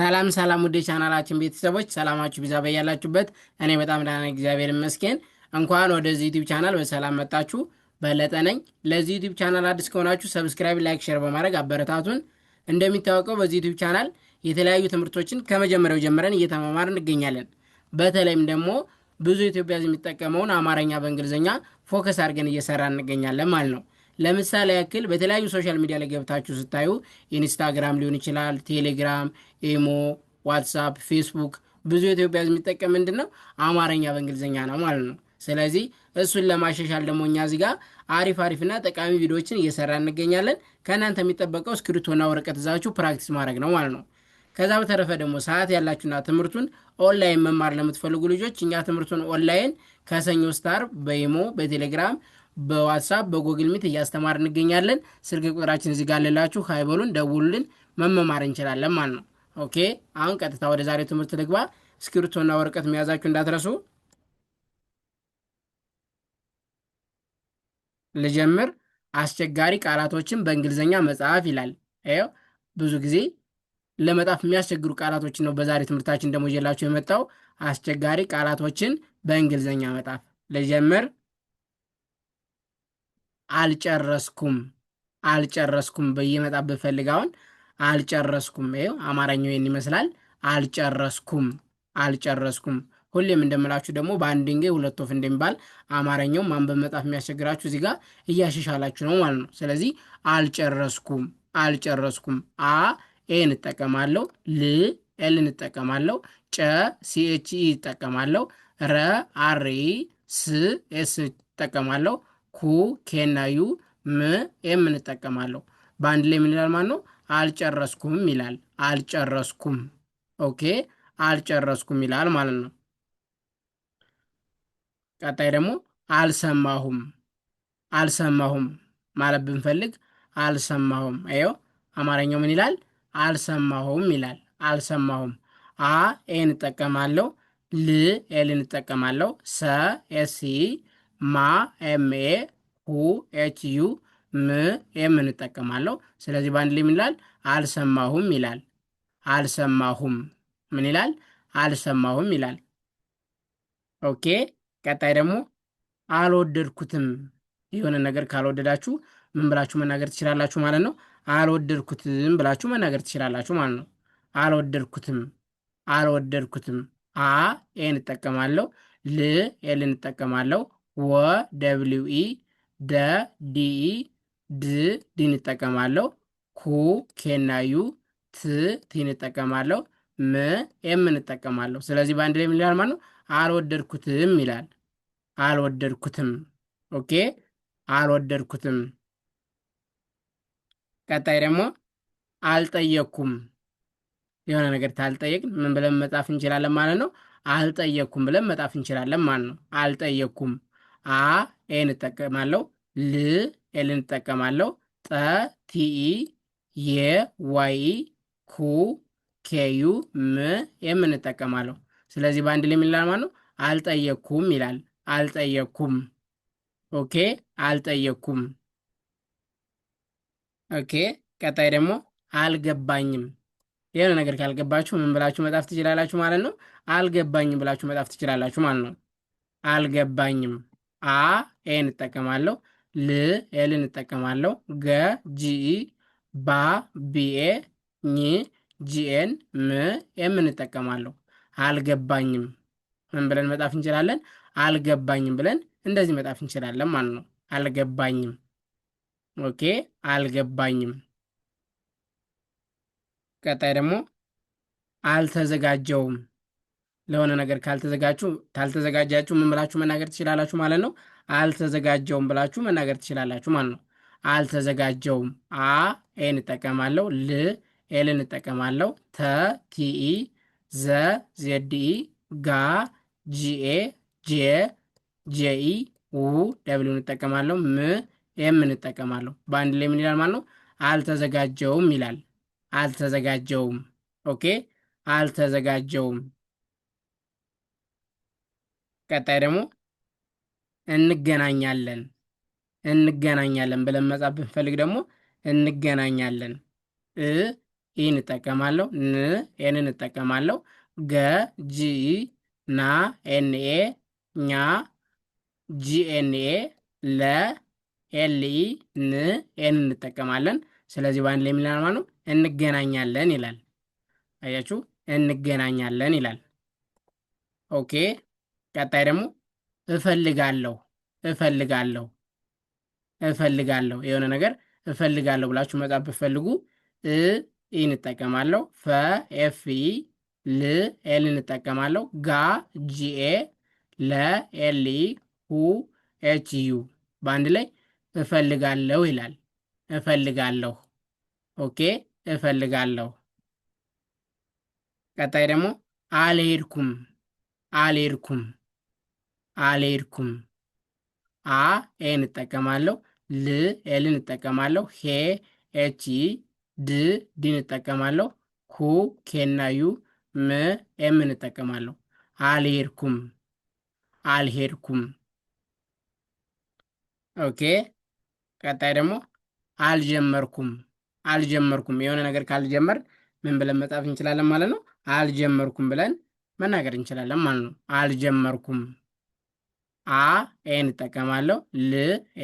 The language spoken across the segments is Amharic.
ሰላም ሰላም ውድ ቻናላችን ቤተሰቦች ሰላማችሁ ቢዛ በያላችሁበት። እኔ በጣም ደህና እግዚአብሔር ይመስገን። እንኳን ወደዚህ ዩቲብ ቻናል በሰላም መጣችሁ። በለጠ ነኝ። ለዚህ ዩቲብ ቻናል አዲስ ከሆናችሁ ሰብስክራይብ፣ ላይክ፣ ሼር በማድረግ አበረታቱን። እንደሚታወቀው በዚህ ዩቲብ ቻናል የተለያዩ ትምህርቶችን ከመጀመሪያው ጀምረን እየተማማር እንገኛለን። በተለይም ደግሞ ብዙ ኢትዮጵያ የሚጠቀመውን አማርኛ በእንግሊዝኛ ፎከስ አድርገን እየሰራ እንገኛለን ማለት ነው። ለምሳሌ ያክል በተለያዩ ሶሻል ሚዲያ ላይ ገብታችሁ ስታዩ ኢንስታግራም ሊሆን ይችላል፣ ቴሌግራም፣ ኢሞ፣ ዋትሳፕ፣ ፌስቡክ ብዙ ኢትዮጵያ የሚጠቀም ምንድን ነው አማርኛ በእንግሊዝኛ ነው ማለት ነው። ስለዚህ እሱን ለማሻሻል ደግሞ እኛ እዚህ ጋር አሪፍ አሪፍና ጠቃሚ ቪዲዮዎችን እየሰራ እንገኛለን። ከእናንተ የሚጠበቀው እስክሪቶና ወረቀት ይዛችሁ ፕራክቲስ ማድረግ ነው ማለት ነው። ከዛ በተረፈ ደግሞ ሰዓት ያላችሁና ትምህርቱን ኦንላይን መማር ለምትፈልጉ ልጆች እኛ ትምህርቱን ኦንላይን ከሰኞ ስታር በኢሞ በቴሌግራም በዋትሳፕ በጎግል ሚት እያስተማር እንገኛለን። ስልክ ቁጥራችን እዚህ ጋር ልላችሁ ሀይበሉን ደውሉልን፣ መመማር እንችላለን ማለት ነው። ኦኬ አሁን ቀጥታ ወደ ዛሬው ትምህርት ልግባ። እስክሪብቶና ወረቀት መያዛችሁ እንዳትረሱ። ልጀምር። አስቸጋሪ ቃላቶችን በእንግሊዝኛ መጽሐፍ ይላል። ይኸው ብዙ ጊዜ ለመጣፍ የሚያስቸግሩ ቃላቶችን ነው በዛሬ ትምህርታችን ደግሞ ይዤላችሁ የመጣው አስቸጋሪ ቃላቶችን በእንግሊዝኛ መጣፍ። ልጀምር። አልጨረስኩም አልጨረስኩም በየመጣ ብፈልጋውን አልጨረስኩም። ይኸው አማርኛው ይህን ይመስላል። አልጨረስኩም አልጨረስኩም። ሁሌም እንደምላችሁ ደግሞ በአንድ ድንጋይ ሁለት ወፍ እንደሚባል አማርኛው ማንበብ መጣፍ የሚያስቸግራችሁ እዚህ ጋር እያሻሻላችሁ ነው ማለት ነው። ስለዚህ አልጨረስኩም አልጨረስኩም። አ ኤ እንጠቀማለሁ፣ ል ኤል እንጠቀማለሁ፣ ጨ ሲኤች ኢ እጠቀማለሁ፣ ረ አር ኢ ስ ኤስ እጠቀማለሁ ኩ ኬና ዩ ም ኤም እንጠቀማለሁ። በአንድ ላይ ምን ይላል ማለት ነው? አልጨረስኩም ይላል። አልጨረስኩም ኦኬ፣ አልጨረስኩም ይላል ማለት ነው። ቀጣይ ደግሞ አልሰማሁም። አልሰማሁም ማለት ብንፈልግ አልሰማሁም። ይኸው አማርኛው ምን ይላል? አልሰማሁም ይላል። አልሰማሁም አ ኤ እንጠቀማለሁ። ል ኤል እንጠቀማለሁ። ሰ ኤሲ ማ ኤምኤ ሁ ኤች ዩ ም ኤም እንጠቀማለሁ። ስለዚህ በአንድ ላይ ምን ይላል? አልሰማሁም ይላል። አልሰማሁም ምን ይላል? አልሰማሁም ይላል። ኦኬ። ቀጣይ ደግሞ አልወደድኩትም። የሆነ ነገር ካልወደዳችሁ ምን ብላችሁ መናገር ትችላላችሁ ማለት ነው። አልወደድኩትም ብላችሁ መናገር ትችላላችሁ ማለት ነው። አልወደድኩትም አልወደድኩትም። አ ኤ እንጠቀማለሁ። ል ኤል እንጠቀማለሁ ወ ደብሊው ኢ ደ ዲኢ ድ ዲ እጠቀማለሁ። ኩ ዩ ት ቲ እጠቀማለሁ። ም ኤም እጠቀማለሁ። ስለዚህ በአንድ ላይ ምን ይላል ማለት ነው? አልወደድኩትም ይላል። አልወደድኩትም። ኦኬ አልወደድኩትም። ቀጣይ ደግሞ አልጠየቅኩም። የሆነ ነገር ታልጠየቅን ምን ብለን መጻፍ እንችላለን ማለት ነው። አልጠየቅኩም ብለን መጻፍ እንችላለን ማለት ነው። አልጠየቅኩም አ ኤን እጠቀማለሁ ል ኤልን እጠቀማለሁ ጠ ቲኢ የ ዋይ ኩ ኬዩ ም የምን እጠቀማለሁ። ስለዚህ በአንድ ላይ የሚላል ማለት ነው አልጠየኩም ይላል። አልጠየኩም ኦኬ፣ አልጠየኩም ኦኬ። ቀጣይ ደግሞ አልገባኝም። የሆነ ነገር ካልገባችሁ ምን ብላችሁ መጻፍ ትችላላችሁ ማለት ነው። አልገባኝም ብላችሁ መጻፍ ትችላላችሁ ማለት ነው። አልገባኝም አ ኤ እጠቀማለሁ ል ኤል እጠቀማለሁ ገ ጂኢ ባ ቢኤ ኝ ጂኤን ም ኤም እንጠቀማለሁ። አልገባኝም ምን ብለን መጣፍ እንችላለን? አልገባኝም ብለን እንደዚህ መጣፍ እንችላለን ማለት ነው። አልገባኝም። ኦኬ አልገባኝም። ቀጣይ ደግሞ አልተዘጋጀውም ለሆነ ነገር ካልተዘጋጁ ካልተዘጋጃችሁ ምን ብላችሁ መናገር ትችላላችሁ ማለት ነው። አልተዘጋጀውም ብላችሁ መናገር ትችላላችሁ ማለት ነው። አልተዘጋጀውም አ ኤ እንጠቀማለሁ ል ኤል እንጠቀማለሁ ተ ቲኢ ዘ ዜድኢ ጋ ጂኤ ጄ ጄኢ ው ደብሊው እንጠቀማለሁ ም ኤም እንጠቀማለሁ በአንድ ላይ ምን ይላል ማለት ነው። አልተዘጋጀውም ይላል። አልተዘጋጀውም ኦኬ አልተዘጋጀውም ቀጣይ ደግሞ እንገናኛለን እንገናኛለን ብለን መጻፍ ብንፈልግ ደግሞ እንገናኛለን እ ይህን እጠቀማለሁ ን ኤን እጠቀማለሁ ገ ጂ ና ኤንኤ ኛ ጂኤንኤ ለ ኤልኢ ን ኤን እንጠቀማለን። ስለዚህ በአንድ ላይ የሚለን ማለት ነው እንገናኛለን ይላል። አያችሁ እንገናኛለን ይላል። ኦኬ ቀጣይ ደግሞ እፈልጋለሁ እፈልጋለሁ እፈልጋለሁ የሆነ ነገር እፈልጋለሁ ብላችሁ መጻፍ ብትፈልጉ እ ኢ እንጠቀማለሁ ፈ ኤፍ ኢ ል ኤል እንጠቀማለሁ ጋ ጂኤ ለ ኤል ኢ ሁ ኤች ዩ በአንድ ላይ እፈልጋለሁ ይላል። እፈልጋለሁ ኦኬ፣ እፈልጋለሁ። ቀጣይ ደግሞ አልሄድኩም አልሄድኩም አልሄድኩም። አ ኤን እጠቀማለሁ። ል ኤልን እጠቀማለሁ። ሄ ኤች ድ ዲን እጠቀማለሁ። ኩ ኬና ዩ ም ኤምን እንጠቀማለሁ አልሄድኩም አልሄድኩም። ኦኬ። ቀጣይ ደግሞ አልጀመርኩም አልጀመርኩም። የሆነ ነገር ካልጀመር ምን ብለን መጻፍ እንችላለን ማለት ነው? አልጀመርኩም ብለን መናገር እንችላለን ማለት ነው። አልጀመርኩም አ ኤን እጠቀማለሁ። ል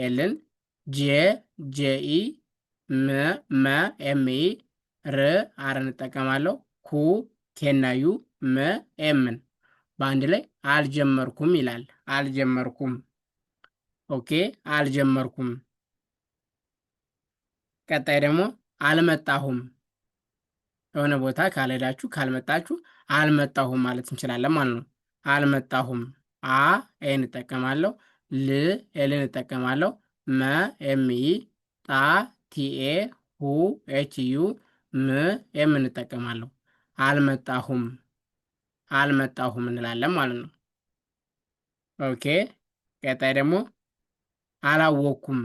ኤልን፣ ጄ ኢ ም መ ኤም ር አርን እጠቀማለሁ። ኩ ኬና ዩ፣ ም ኤምን በአንድ ላይ አልጀመርኩም ይላል። አልጀመርኩም። ኦኬ አልጀመርኩም። ቀጣይ ደግሞ አልመጣሁም። የሆነ ቦታ ካልሄዳችሁ ካልመጣችሁ አልመጣሁም ማለት እንችላለን ማለት ነው። አልመጣሁም አ ኤን እጠቀማለሁ ል ኤልን እጠቀማለሁ መ ኤም ኢ ጣ ቲኤ ሁ ኤች ዩ ም ኤም እንጠቀማለሁ። አልመጣሁም አልመጣሁም እንላለን ማለት ነው። ኦኬ ቀጣይ ደግሞ አላወኩም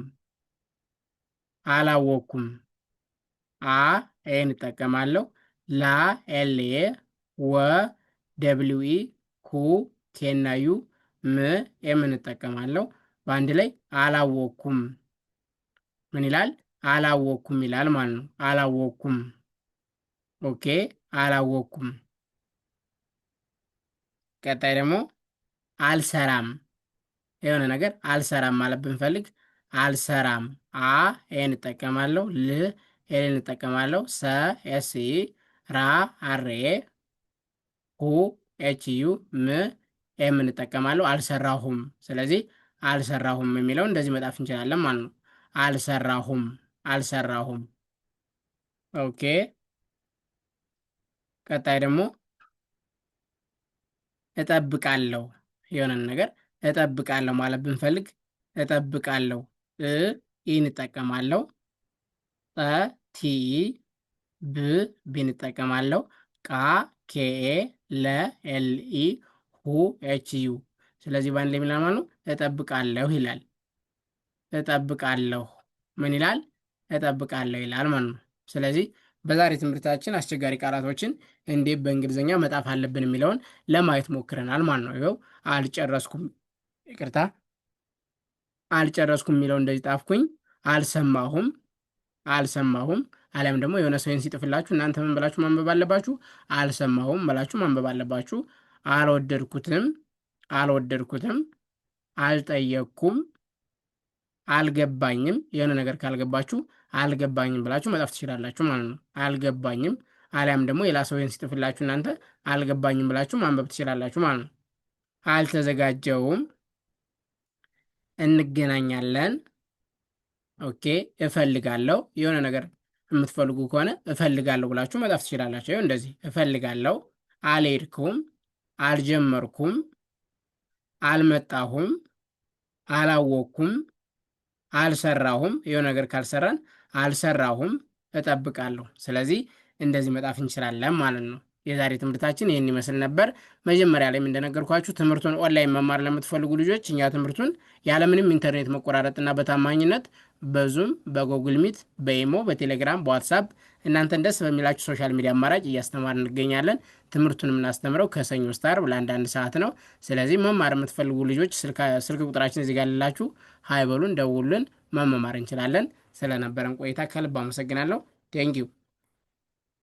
አላወኩም አ ኤን እጠቀማለሁ ላ ኤል ኤ ወ ደብሊው ኢ ኩ ኬና ዩ ም የምንጠቀማለው በአንድ ላይ አላወኩም ምን ይላል? አላወኩም ይላል ማለት ነው። አላወኩም ኦኬ፣ አላወኩም። ቀጣይ ደግሞ አልሰራም። የሆነ ነገር አልሰራም ማለት ብንፈልግ አልሰራም፣ አ ኤ እንጠቀማለው፣ ል ኤን እንጠቀማለው፣ ሰ ኤስ ራ አሬ ሁ ኤች ዩ፣ ም ይህ የምንጠቀማለው አልሰራሁም። ስለዚህ አልሰራሁም የሚለው እንደዚህ መጣፍ እንችላለን ማለት ነው። አልሰራሁም አልሰራሁም። ኦኬ። ቀጣይ ደግሞ እጠብቃለሁ። የሆነን ነገር እጠብቃለሁ ማለት ብንፈልግ እጠብቃለሁ እ ይንጠቀማለሁ ጠ ቲ ብ ቢንጠቀማለሁ ቃ ኬኤ ለ ኤልኢ ሁ ኤች ዩ። ስለዚህ በአንድ ላይ የሚላል ማለት ነው እጠብቃለሁ ይላል። እጠብቃለሁ ምን ይላል? እጠብቃለሁ ይላል ማለት ነው። ስለዚህ በዛሬ ትምህርታችን አስቸጋሪ ቃላቶችን እንዴት በእንግሊዝኛ መጣፍ አለብን የሚለውን ለማየት ሞክረናል ማለት ነው። ይኸው አልጨረስኩም፣ ይቅርታ አልጨረስኩም የሚለው እንደዚህ ጣፍኩኝ። አልሰማሁም አልሰማሁም አሊያም ደግሞ የሆነ ሰውን ሲጥፍላችሁ እናንተ ምን ብላችሁ ማንበብ አለባችሁ? አልሰማሁም ብላችሁ ማንበብ አለባችሁ። አልወደድኩትም አልወደድኩትም አልጠየቅኩም አልገባኝም። የሆነ ነገር ካልገባችሁ አልገባኝም ብላችሁ መጻፍ ትችላላችሁ ማለት ነው። አልገባኝም አሊያም ደግሞ ሌላ ሰው ይህን ሲጥፍላችሁ እናንተ አልገባኝም ብላችሁ ማንበብ ትችላላችሁ ማለት ነው። አልተዘጋጀውም፣ እንገናኛለን፣ ኦኬ፣ እፈልጋለሁ። የሆነ ነገር የምትፈልጉ ከሆነ እፈልጋለሁ ብላችሁ መጻፍ ትችላላችሁ። እንደዚህ እፈልጋለሁ፣ አልሄድኩም አልጀመርኩም፣ አልመጣሁም፣ አላወቅኩም፣ አልሰራሁም። ይኸው ነገር ካልሰራን አልሰራሁም፣ እጠብቃለሁ። ስለዚህ እንደዚህ መጣፍ እንችላለን ማለት ነው። የዛሬ ትምህርታችን ይህን ይመስል ነበር። መጀመሪያ ላይም እንደነገርኳችሁ ትምህርቱን ኦንላይን መማር ለምትፈልጉ ልጆች እኛ ትምህርቱን ያለምንም ኢንተርኔት መቆራረጥና በታማኝነት በዙም፣ በጎግል ሚት፣ በኢሞ፣ በቴሌግራም፣ በዋትሳፕ እናንተን ደስ በሚላችሁ ሶሻል ሚዲያ አማራጭ እያስተማር እንገኛለን። ትምህርቱን የምናስተምረው ከሰኞ እስከ ዓርብ ለአንዳንድ ሰዓት ነው። ስለዚህ መማር የምትፈልጉ ልጆች ስልክ ቁጥራችን እዚህ ጋር ልላችሁ፣ ደውሉን፣ መመማር እንችላለን። ስለነበረን ቆይታ ከልብ አመሰግናለሁ። ቴንኪው